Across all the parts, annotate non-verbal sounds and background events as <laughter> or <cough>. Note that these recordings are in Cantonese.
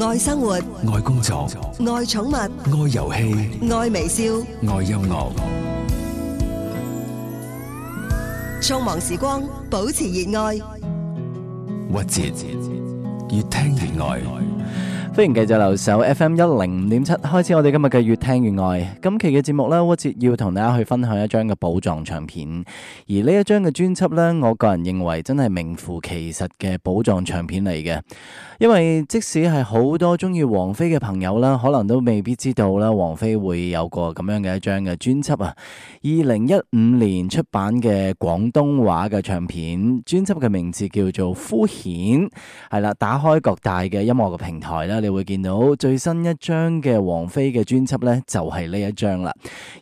愛生活，愛工作，愛寵物，愛遊戲，愛微笑，愛音樂。匆忙時光，保持熱愛。活着，越聽越愛。歡迎繼續留守 FM 一零五點七，開始我哋今日嘅月。聽完外，今期嘅節目呢，我節要同大家去分享一張嘅寶藏唱片。而呢一張嘅專輯呢，我個人認為真係名副其實嘅寶藏唱片嚟嘅。因為即使係好多中意王菲嘅朋友啦，可能都未必知道啦，王菲會有個咁樣嘅一張嘅專輯啊。二零一五年出版嘅廣東話嘅唱片，專輯嘅名字叫做《敷衍》。係啦，打開各大嘅音樂嘅平台啦，你會見到最新一張嘅王菲嘅專輯呢。就係呢一張啦，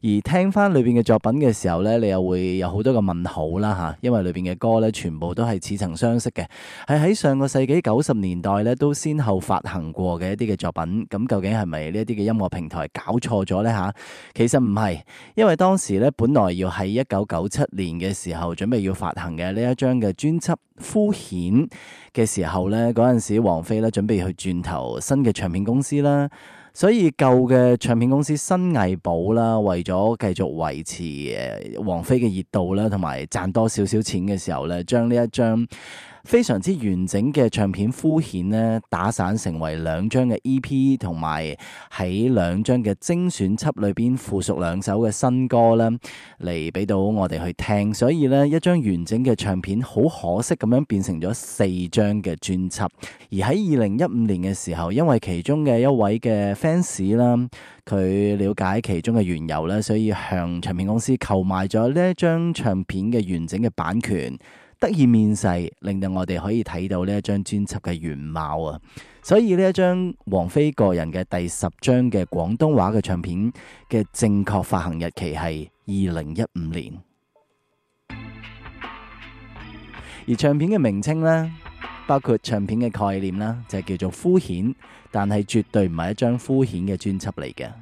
而聽翻裏邊嘅作品嘅時候呢，你又會有好多個問號啦吓，因為裏邊嘅歌呢，全部都係似曾相識嘅，係喺上個世紀九十年代呢都先後發行過嘅一啲嘅作品。咁究竟係咪呢一啲嘅音樂平台搞錯咗呢？吓？其實唔係，因為當時呢，本來要喺一九九七年嘅時候準備要發行嘅呢一張嘅專輯，敷衍嘅時候呢，嗰陣時王菲呢，準備去轉投新嘅唱片公司啦。所以舊嘅唱片公司新藝寶啦，為咗繼續維持誒王菲嘅熱度啦，同埋賺多少少錢嘅時候咧，將呢一張，非常之完整嘅唱片，敷衍呢，打散，成為兩張嘅 E.P. 同埋喺兩張嘅精選輯裏邊附屬兩首嘅新歌啦，嚟俾到我哋去聽，所以呢一張完整嘅唱片好可惜咁樣變成咗四張嘅專輯，而喺二零一五年嘅時候，因為其中嘅一位嘅 fans 啦，佢了解其中嘅緣由咧，所以向唱片公司購買咗呢一張唱片嘅完整嘅版權。得以面世，令到我哋可以睇到呢一張專輯嘅原貌啊！所以呢一張王菲個人嘅第十張嘅廣東話嘅唱片嘅正確發行日期係二零一五年，而唱片嘅名稱呢，包括唱片嘅概念啦，就係叫做敷衍，但係絕對唔係一張敷衍嘅專輯嚟嘅。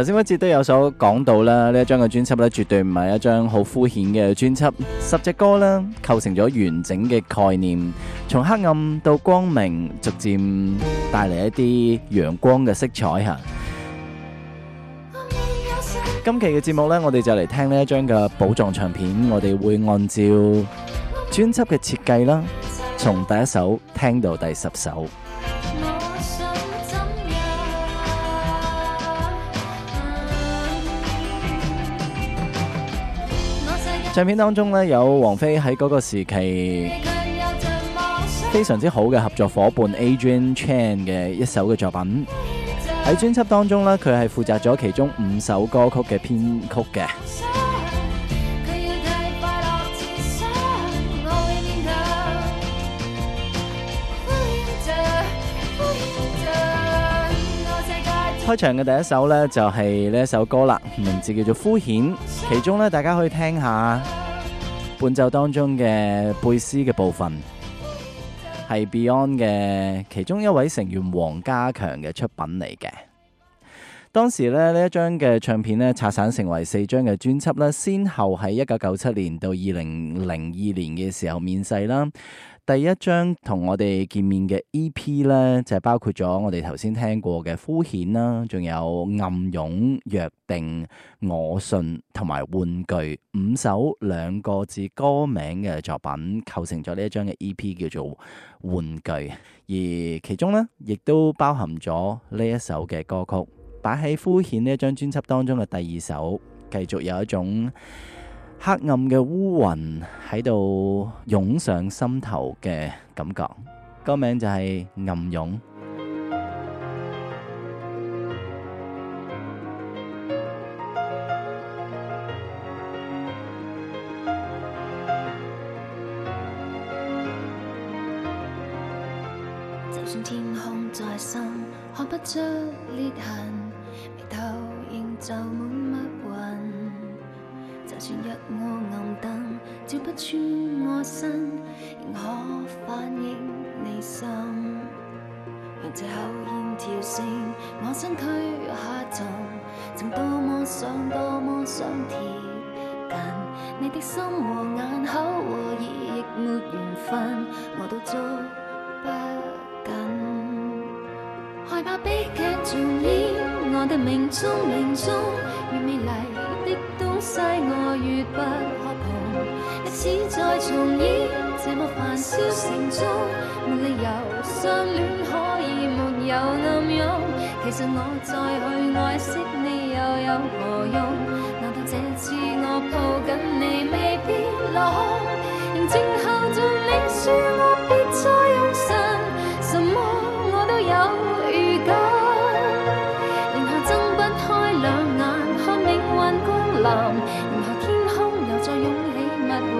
頭先嗰節都有所講到啦，呢一張嘅專輯咧，絕對唔係一張好敷衍嘅專輯。 <noise> 十隻歌啦，構成咗完整嘅概念，從黑暗到光明，逐漸帶嚟一啲陽光嘅色彩吓。 <noise> 今期嘅節目咧，我哋就嚟聽呢一張嘅寶藏唱片，我哋會按照專輯嘅設計啦，從第一首聽到第十首。唱片當中咧，有王菲喺嗰個時期非常之好嘅合作伙伴 Adrian Chan 嘅一首嘅作品，喺專輯當中咧，佢係負責咗其中五首歌曲嘅編曲嘅。開場嘅第一首呢，就係、是、呢一首歌啦，名字叫做《敷衍》，其中呢，大家可以聽下伴奏當中嘅貝斯嘅部分，係 Beyond 嘅其中一位成員黃家強嘅出品嚟嘅。當時咧呢一張嘅唱片咧拆散成為四張嘅專輯咧，先後喺一九九七年到二零零二年嘅時候面世啦。第一張同我哋見面嘅 E.P. 咧就係包括咗我哋頭先聽過嘅《敷衍》啦，仲有《暗湧》、《約定》、《我信》同埋《玩具》五首兩個字歌名嘅作品，構成咗呢一張嘅 E.P. 叫做《玩具》，而其中呢，亦都包含咗呢一首嘅歌曲。擺喺《敷衍》呢一張專輯當中嘅第二首，繼續有一種黑暗嘅烏雲喺度湧上心頭嘅感覺，歌名就係、是、《暗湧》。照不穿我身，仍可反映你心。讓這口煙跳升，我身軀下沉，曾多麼想，多麼想貼近，但你的心和眼口和耳亦沒緣分，我都捉不緊。害怕悲劇重演，我的命中命中，越美麗的東西我越不可碰。似在重演，這麼繁瑣煩囂城中，沒理由相戀可以沒有暗湧。其實我再去愛惜你又有何用？難道這次我抱緊你未必落空？仍靜候著你説我別錯用神，什麼我都有預感，然後睜不開兩眼看命運光臨。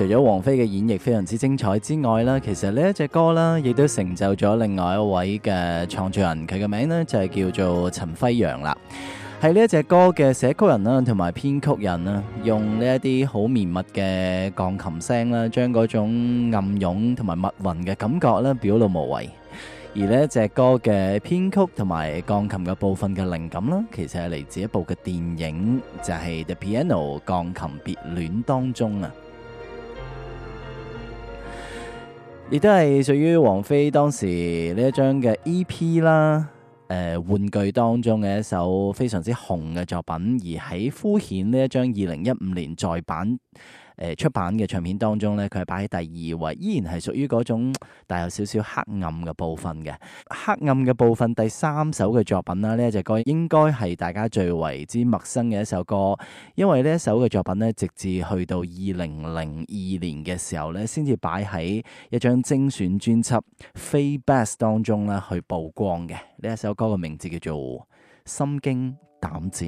除咗王菲嘅演繹非常之精彩之外啦，其實呢一隻歌啦，亦都成就咗另外一位嘅創作人，佢嘅名咧就係叫做陳輝陽啦。係呢一隻歌嘅寫曲人啦，同埋編曲人啦，用呢一啲好綿密嘅鋼琴聲啦，將嗰種暗湧同埋密雲嘅感覺咧表露無遺。而呢一隻歌嘅編曲同埋鋼琴嘅部分嘅靈感啦，其實係嚟自一部嘅電影，就係、是《The Piano 鋼琴別戀》當中啊。亦都係屬於王菲當時呢一張嘅 E.P. 啦，呃，誒玩具當中嘅一首非常之紅嘅作品，而喺《敷衍》呢一張二零一五年再版。誒、呃，出版嘅唱片當中咧，佢係擺喺第二位，依然係屬於嗰種帶有少少黑暗嘅部分嘅。黑暗嘅部分，第三首嘅作品啦，呢一隻歌應該係大家最為之陌生嘅一首歌，因為呢一首嘅作品呢，直至去到二零零二年嘅時候呢，先至擺喺一張精選專輯《非 Best》當中呢，去曝光嘅。呢一首歌嘅名字叫做《心驚膽戰》。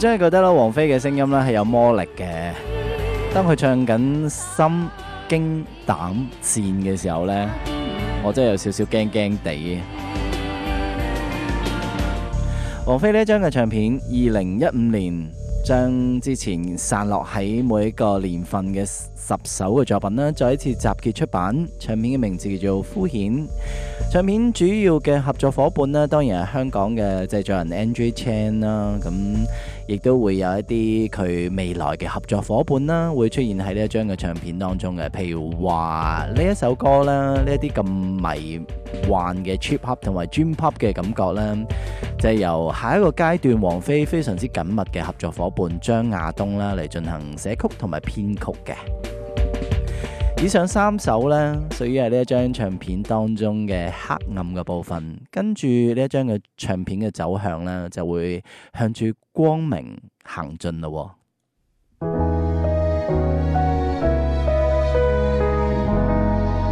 我真係覺得咯，王菲嘅聲音咧係有魔力嘅。當佢唱緊《心驚膽戰》嘅時候呢，我真係有少少驚驚地。王菲呢一張嘅唱片，二零一五年將之前散落喺每一個年份嘅十首嘅作品咧，再一次集結出版。唱片嘅名字叫做《敷衍》。唱片主要嘅合作伙伴咧，當然係香港嘅製作人 Andrew Chan 啦。咁亦都會有一啲佢未來嘅合作伙伴啦，會出現喺呢一張嘅唱片當中嘅，譬如話呢一首歌啦，呢一啲咁迷幻嘅 trip hop 同埋 dream pop 嘅感覺啦，就係、是、由下一個階段王菲非常之緊密嘅合作伙伴張亞東啦嚟進行寫曲同埋編曲嘅。以上三首咧，屬於係呢一張唱片當中嘅黑暗嘅部分。跟住呢一張嘅唱片嘅走向咧，就會向住光明行進咯。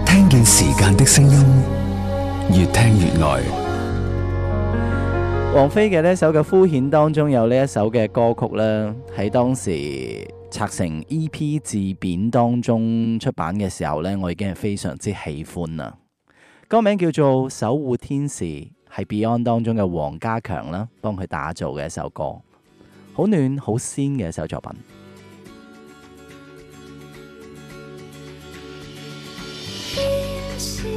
聽見時間的聲音，越聽越愛。王菲嘅呢首嘅敷衍當中有呢一首嘅歌曲咧，喺當時。拆成 E.P 字典當中出版嘅時候呢，我已經係非常之喜歡啦。歌名叫做《守護天使》，係 Beyond 當中嘅黃家強啦，幫佢打造嘅一首歌，好暖好鮮嘅一首作品。 <music>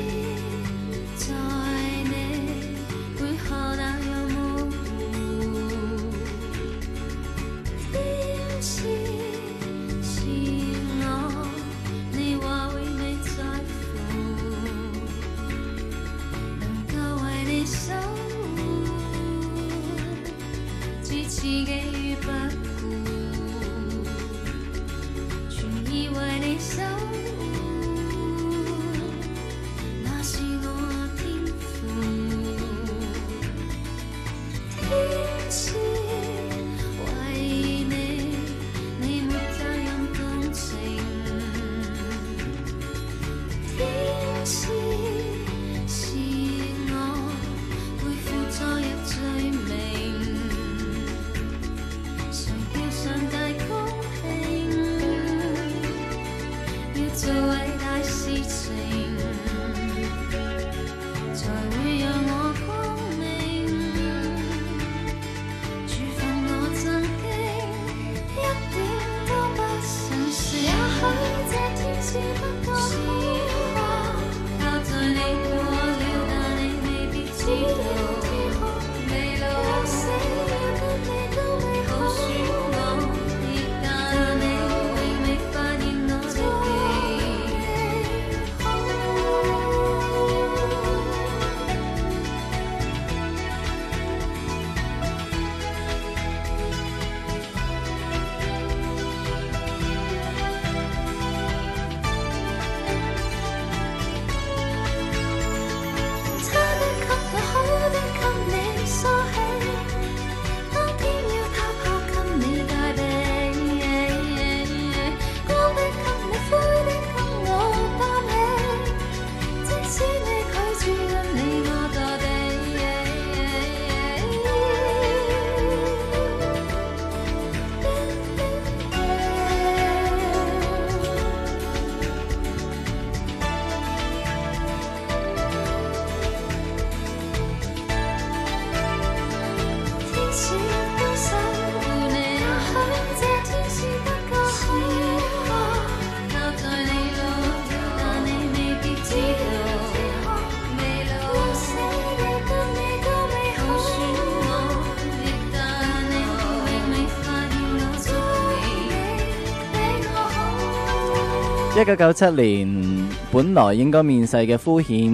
一九九七年本來應該面世嘅《敷衍》，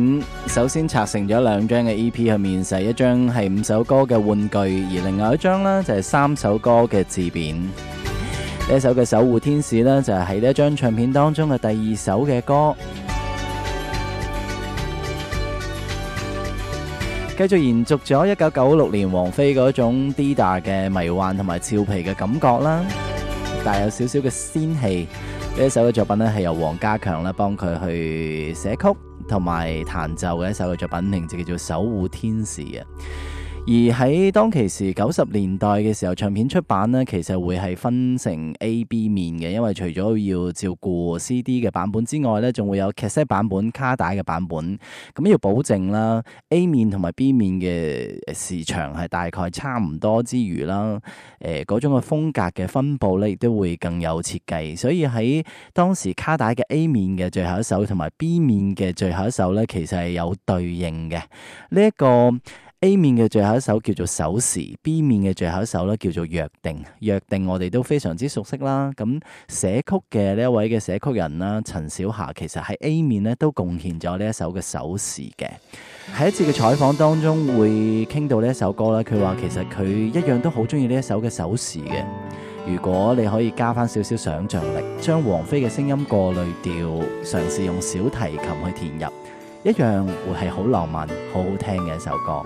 首先拆成咗兩張嘅 E.P. 去面世，一張係五首歌嘅玩具，而另外一張呢，就係、是、三首歌嘅自便。呢一 <noise> 首嘅守護天使呢，就係喺呢一張唱片當中嘅第二首嘅歌， <noise> 繼續延續咗一九九六年王菲嗰種 Di-Dar 嘅迷幻同埋俏皮嘅感覺啦，但有少少嘅仙氣。呢一首嘅作品呢，係由黃家強幫佢去寫曲同埋彈奏嘅一首嘅作品，名字叫做《守護天使》啊。而喺當其時九十年代嘅時候，唱片出版呢，其實會係分成 A、B 面嘅，因為除咗要照顧 CD 嘅版本之外呢，仲會有卡 set 版本、卡帶嘅版本。咁要保證啦，A 面同埋 B 面嘅時長係大概差唔多之餘啦，誒、呃、嗰種嘅風格嘅分佈呢，亦都會更有設計。所以喺當時卡帶嘅 A 面嘅最後一首同埋 B 面嘅最後一首呢，其實係有對應嘅呢一個。A 面嘅最後一首叫做《守時》，B 面嘅最後一首咧叫做《約定》。《約定》我哋都非常之熟悉啦。咁寫曲嘅呢一位嘅寫曲人啦，陳小霞其實喺 A 面咧都貢獻咗呢一首嘅《守時》嘅。喺一次嘅採訪當中會傾到呢一首歌啦，佢話其實佢一樣都好中意呢一首嘅《守時》嘅。如果你可以加翻少少想像力，將王菲嘅聲音過濾掉，嘗試用小提琴去填入，一樣會係好浪漫、好好聽嘅一首歌。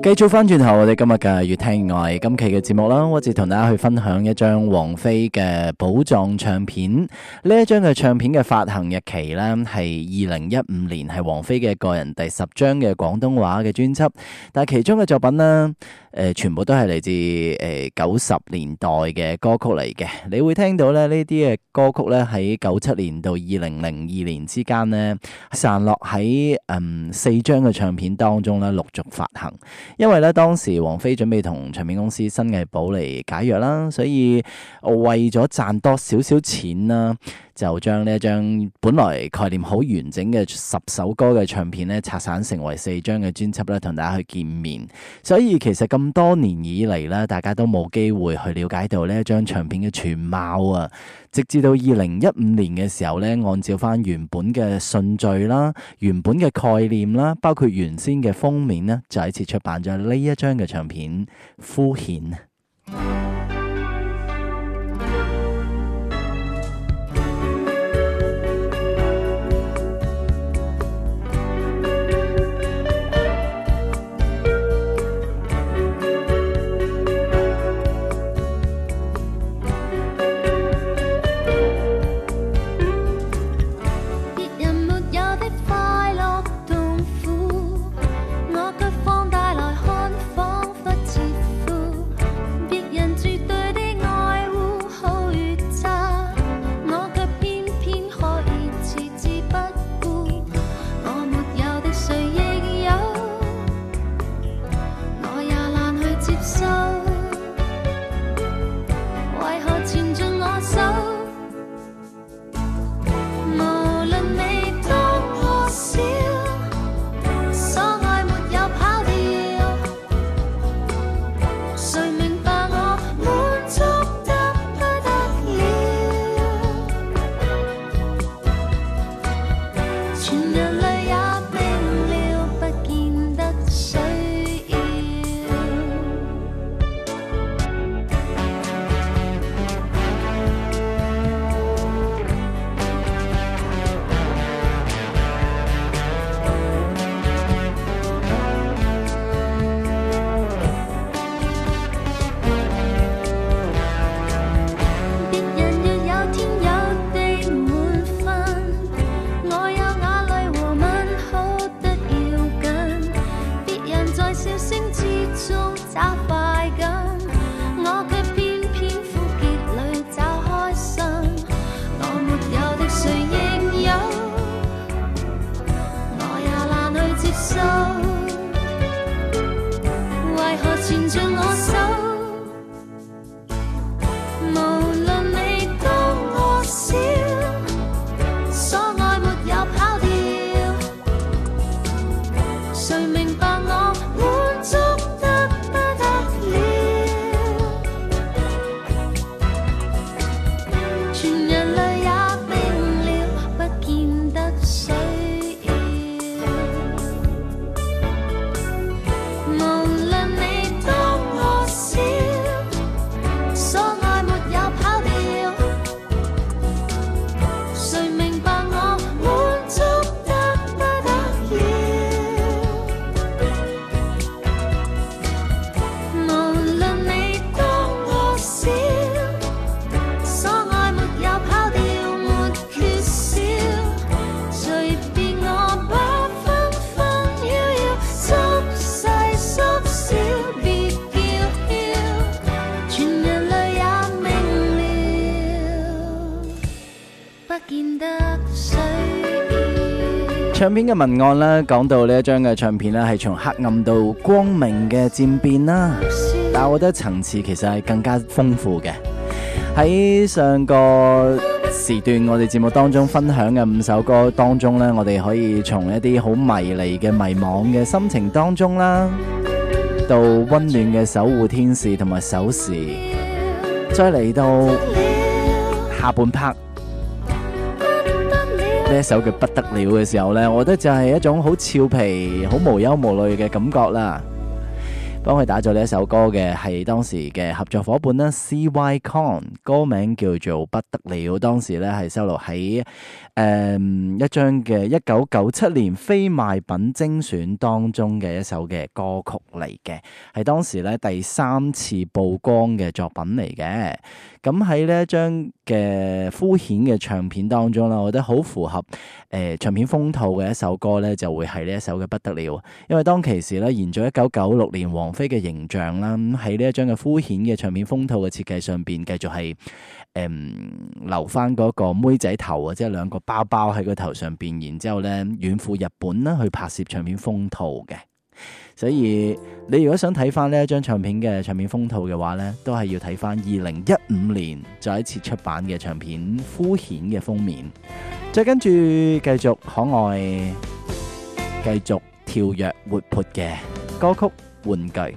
繼續返轉頭，我哋今日嘅越聽越愛今期嘅節目啦，我哋同大家去分享一張王菲嘅寶藏唱片。呢一張嘅唱片嘅發行日期呢，係二零一五年，係王菲嘅個人第十張嘅廣東話嘅專輯。但係其中嘅作品呢，誒、呃、全部都係嚟自誒九十年代嘅歌曲嚟嘅。你會聽到咧呢啲嘅歌曲咧喺九七年到二零零二年之間呢，散落喺嗯四張嘅唱片當中啦，陸續發行。因為咧，當時王菲準備同唱片公司新藝寶嚟解約啦，所以為咗賺多少少錢啦。就將呢一張本來概念好完整嘅十首歌嘅唱片咧，拆散成為四張嘅專輯咧，同大家去見面。所以其實咁多年以嚟咧，大家都冇機會去了解到呢一張唱片嘅全貌啊！直至到二零一五年嘅時候咧，按照翻原本嘅順序啦、原本嘅概念啦，包括原先嘅封面咧，就係一次出版咗呢一張嘅唱片《敷衍》。唱片嘅文案啦，講到呢一張嘅唱片呢，係從黑暗到光明嘅漸變啦。但係我覺得層次其實係更加豐富嘅。喺上個時段我哋節目當中分享嘅五首歌當中呢，我哋可以從一啲好迷離嘅迷惘嘅心情當中啦，到溫暖嘅守護天使同埋守時，再嚟到下半拍。呢一首嘅不得了嘅時候呢，我覺得就係一種好俏皮、好無憂無慮嘅感覺啦。幫佢打造呢一首歌嘅係當時嘅合作伙伴呢，CY Kong，歌名叫做《不得了》，當時呢係收錄喺。誒、嗯，一張嘅一九九七年非賣品精選當中嘅一首嘅歌曲嚟嘅，係當時咧第三次曝光嘅作品嚟嘅。咁喺呢一張嘅敷衍嘅唱片當中啦，我覺得好符合誒、呃、唱片封套嘅一首歌咧，就會係呢一首嘅不得了，因為當其時咧延續一九九六年王菲嘅形象啦，喺呢一張嘅敷衍嘅唱片封套嘅設計上邊，繼續係。誒、嗯，留翻嗰個妹仔頭或者係兩個包包喺個頭上邊，然之後咧遠赴日本啦，去拍攝唱片封套嘅。所以你如果想睇翻呢一張唱片嘅唱片封套嘅話呢，都係要睇翻二零一五年再一次出版嘅唱片，敷衍嘅封面。再跟住繼續可愛，繼續跳躍活潑嘅歌曲玩具。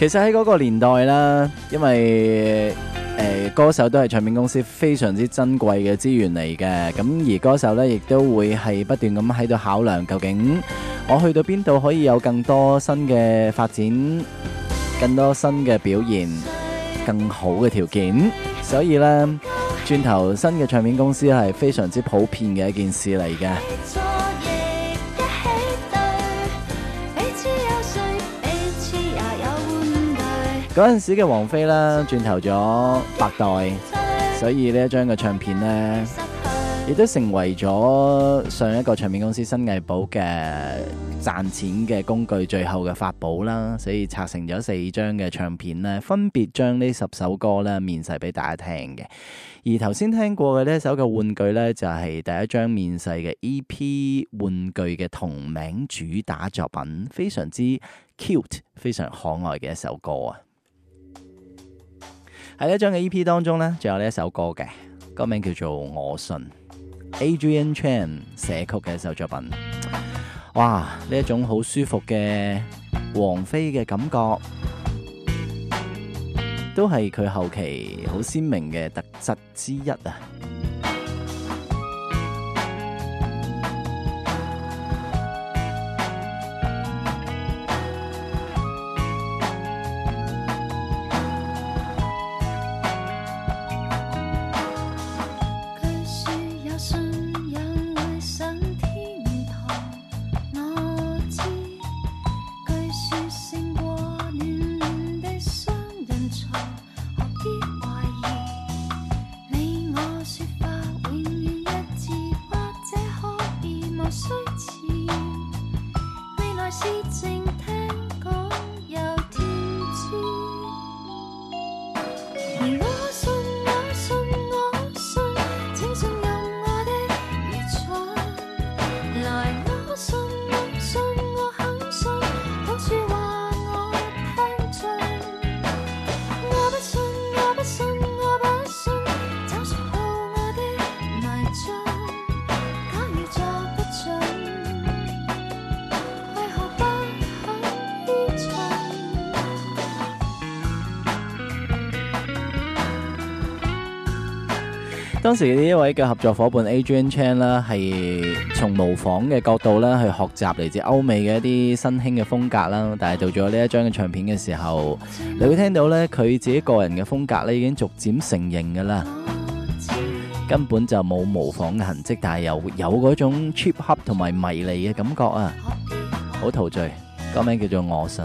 其實喺嗰個年代啦，因為誒、呃、歌手都係唱片公司非常之珍貴嘅資源嚟嘅，咁而歌手呢，亦都會係不斷咁喺度考量，究竟我去到邊度可以有更多新嘅發展，更多新嘅表現，更好嘅條件，所以呢，轉頭新嘅唱片公司係非常之普遍嘅一件事嚟嘅。嗰陣時嘅王菲啦，轉投咗百代，所以呢一張嘅唱片咧，亦都成為咗上一個唱片公司新藝寶嘅賺錢嘅工具，最後嘅法寶啦。所以拆成咗四張嘅唱片咧，分別將呢十首歌咧面世俾大家聽嘅。而頭先聽過嘅呢一首嘅玩具咧，就係、是、第一張面世嘅 EP《玩具》嘅同名主打作品，非常之 cute，非常可愛嘅一首歌啊！喺呢張嘅 E.P. 當中呢，就有呢一首歌嘅，歌名叫做《我信》，Adrian Chan 寫曲嘅一首作品。哇，呢一種好舒服嘅王菲嘅感覺，都係佢後期好鮮明嘅特質之一啊！當時呢一位嘅合作伙伴 Adrian Chan 啦，係從模仿嘅角度咧去學習嚟自歐美嘅一啲新興嘅風格啦。但係做咗呢一張嘅唱片嘅時候，你會聽到呢，佢自己個人嘅風格呢已經逐漸成型噶啦，根本就冇模仿嘅痕跡，但係又有嗰種 cheap hop 同埋迷離嘅感覺啊，好陶醉。歌、那個、名叫做《我信》。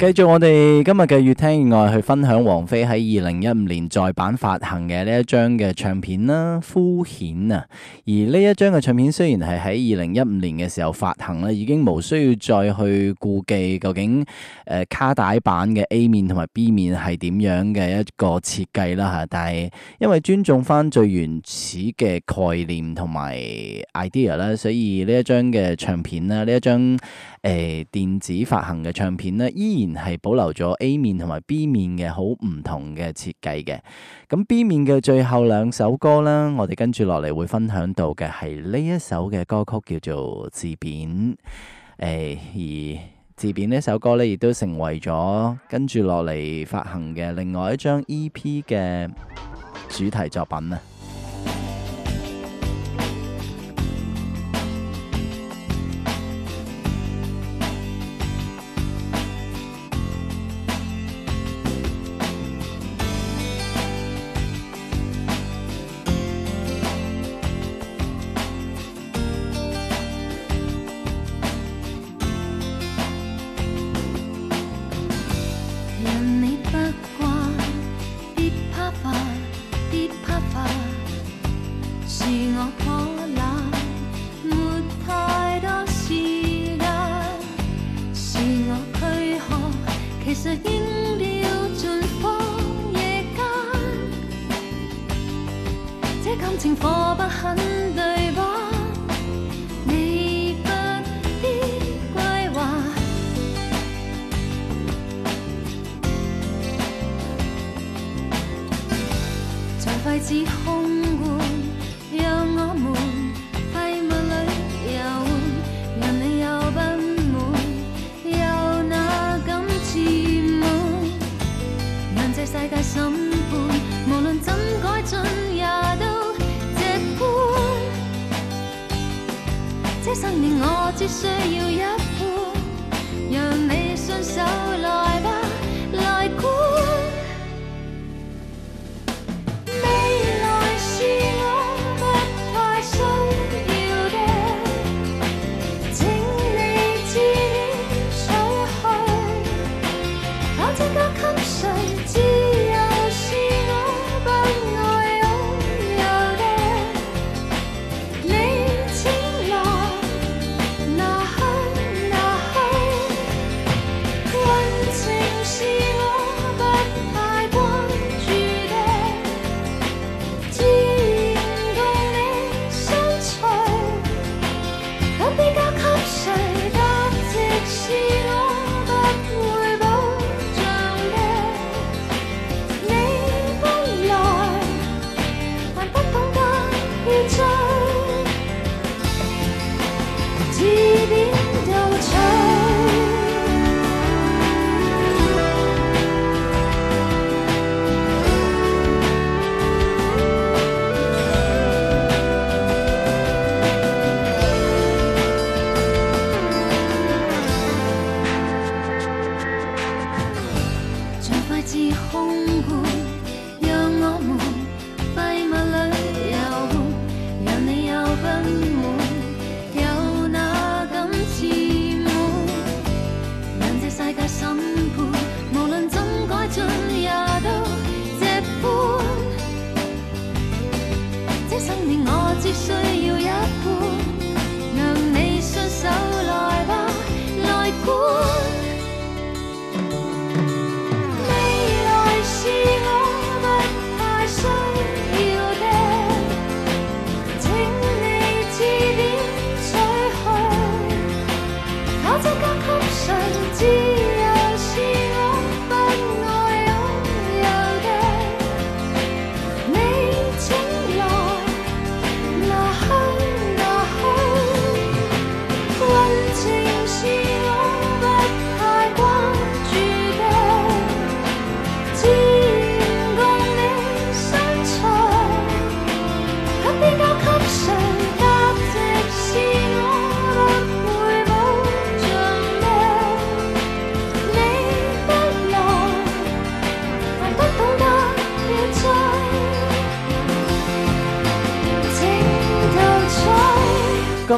繼續我哋今日嘅粵聽粵愛，去分享王菲喺二零一五年再版發行嘅呢一張嘅唱片啦，《敷衍》啊。而呢一張嘅唱片雖然係喺二零一五年嘅時候發行啦，已經無需要再去顧忌究竟誒、呃、卡帶版嘅 A 面同埋 B 面係點樣嘅一個設計啦吓。但係因為尊重翻最原始嘅概念同埋 idea 啦，所以呢一張嘅唱片啦，呢一張。誒，電子發行嘅唱片呢，依然係保留咗 A 面同埋 B 面嘅好唔同嘅設計嘅。咁 B 面嘅最後兩首歌呢，我哋跟住落嚟會分享到嘅係呢一首嘅歌曲叫做《自貶》。誒，而《自貶》呢首歌呢，亦都成為咗跟住落嚟發行嘅另外一張 E.P. 嘅主題作品啊。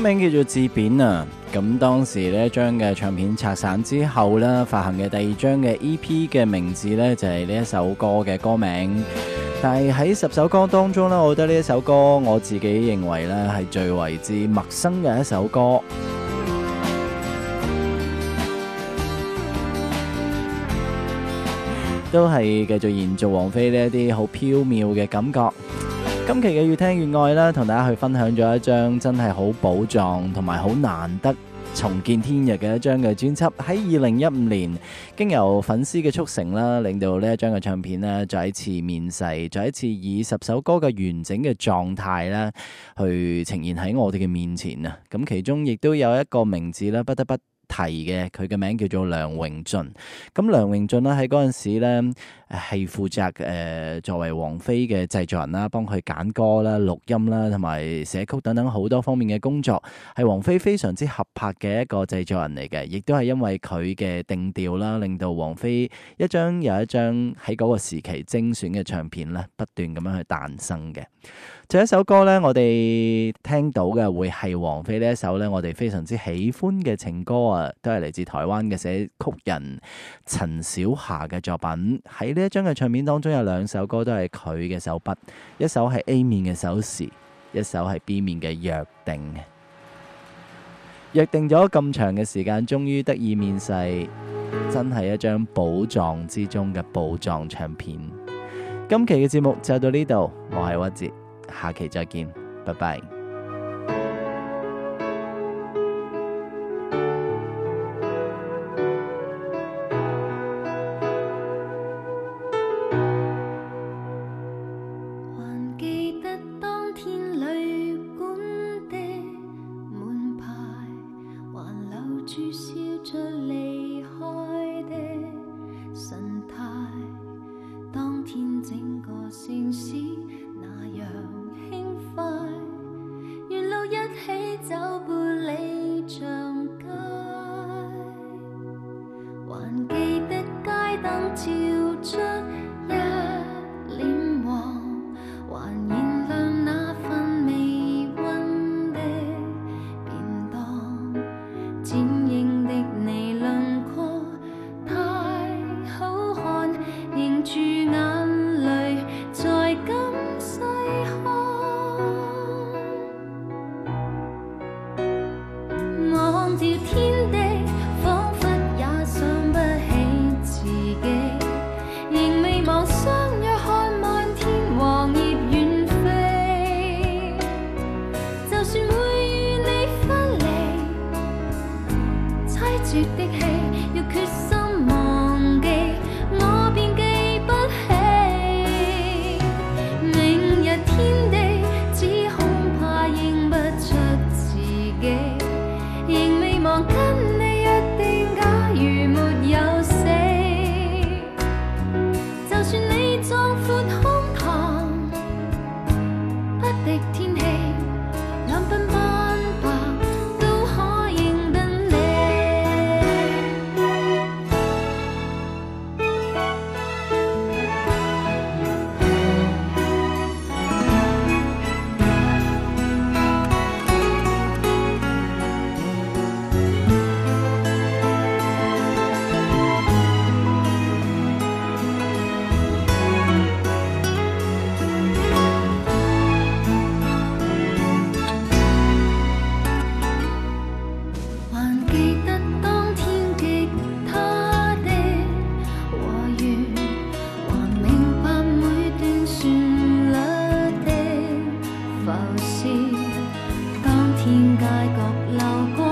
名叫做自便啊。咁當時呢一張嘅唱片拆散之後呢，發行嘅第二張嘅 E.P. 嘅名字呢，就係、是、呢一首歌嘅歌名。但係喺十首歌當中呢，我覺得呢一首歌我自己認為呢係最為之陌生嘅一首歌，都係繼續延續王菲呢啲好飄渺嘅感覺。今期嘅越聽越愛啦，同大家去分享咗一張真係好寶藏同埋好難得重見天日嘅一張嘅專輯。喺二零一五年，經由粉絲嘅促成啦，令到呢一張嘅唱片呢再一次面世，再一次以十首歌嘅完整嘅狀態啦，去呈現喺我哋嘅面前啊！咁其中亦都有一個名字啦，不得不。提嘅佢嘅名叫做梁榮駿，咁梁榮駿咧喺陣時咧係負責誒作為王菲嘅製作人啦，幫佢揀歌啦、錄音啦、同埋寫曲等等好多方面嘅工作，係王菲非常之合拍嘅一個製作人嚟嘅，亦都係因為佢嘅定調啦，令到王菲一張又一張喺個時期精選嘅唱片咧不斷咁樣去誕生嘅。就一首歌咧，我哋聽到嘅會係王菲呢一首咧，我哋非常之喜歡嘅情歌啊！都係嚟自台灣嘅寫曲人陳小霞嘅作品，喺呢一張嘅唱片當中有兩首歌都係佢嘅手筆，一首係 A 面嘅手時，一首係 B 面嘅約定。約定咗咁長嘅時間，終於得以面世，真係一張寶藏之中嘅寶藏唱片。今期嘅節目就到呢度，我係屈哲，下期再見，拜拜。當天街角流過。 <noise>